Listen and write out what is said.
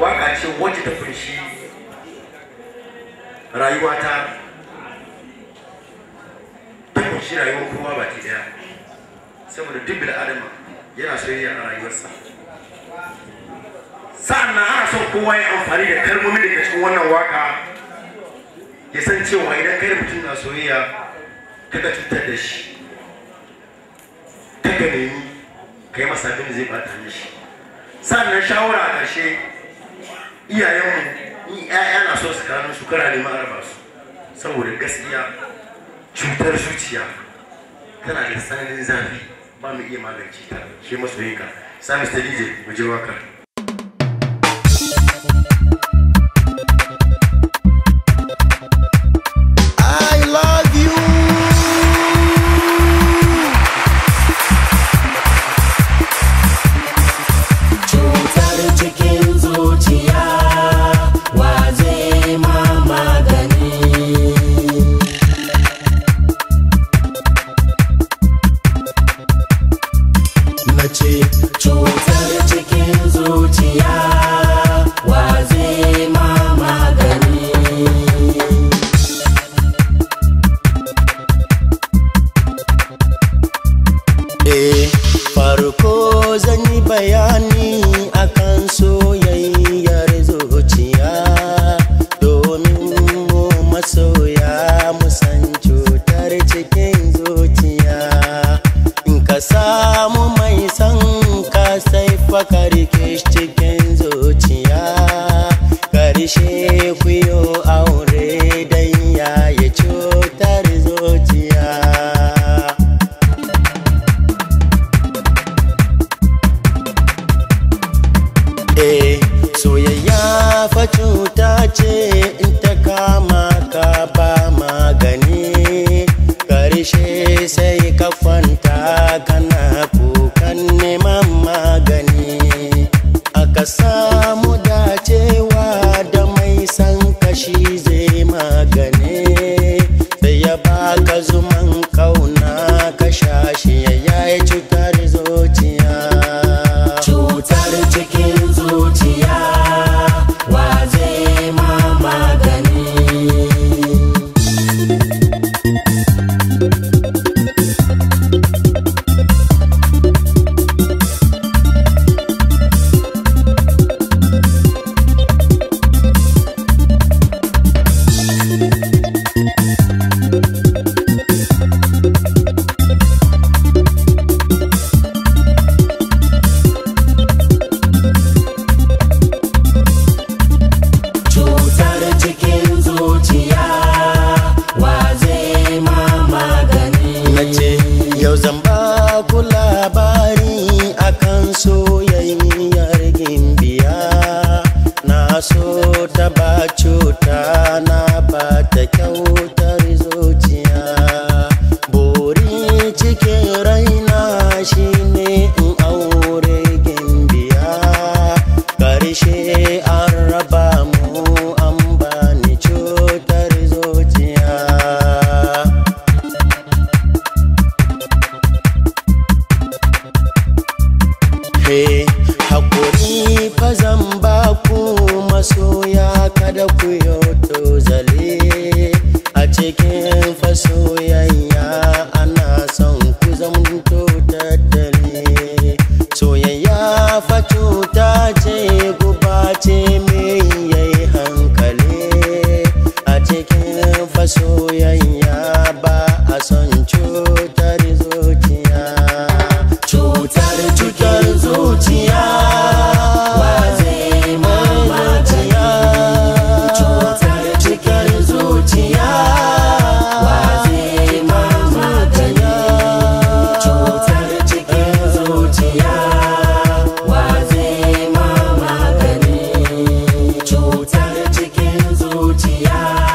waka ce wacce ta kunshi rayuwata ta kunshi rayuwar kowa baki daya saboda duk bil adama yana soyayya a rayuwarsa sa'annan ana son kowa ya amfani da kalmomi da cikin wannan waka ya san cewa idan kai mutum na soyayya kaga cutar da shi kaga nemi kai masa abin da zai bata mishi sannan shawara a ƙarshe iyayenmu mu ƴaƴa na so su gano su kana neman araba su saboda gaskiya cutar zuciya tana da tsananin zafi ba mu iya magance ta shi masoyinka sami ta dj mu je wakar imani akan soyayyar zuciya domin mu masoya musan cutar cikin zuciya in ka samu mai san ka sai fakari cikin zuciya karshe kuyo aure dan yayi cuta chocho Yeah.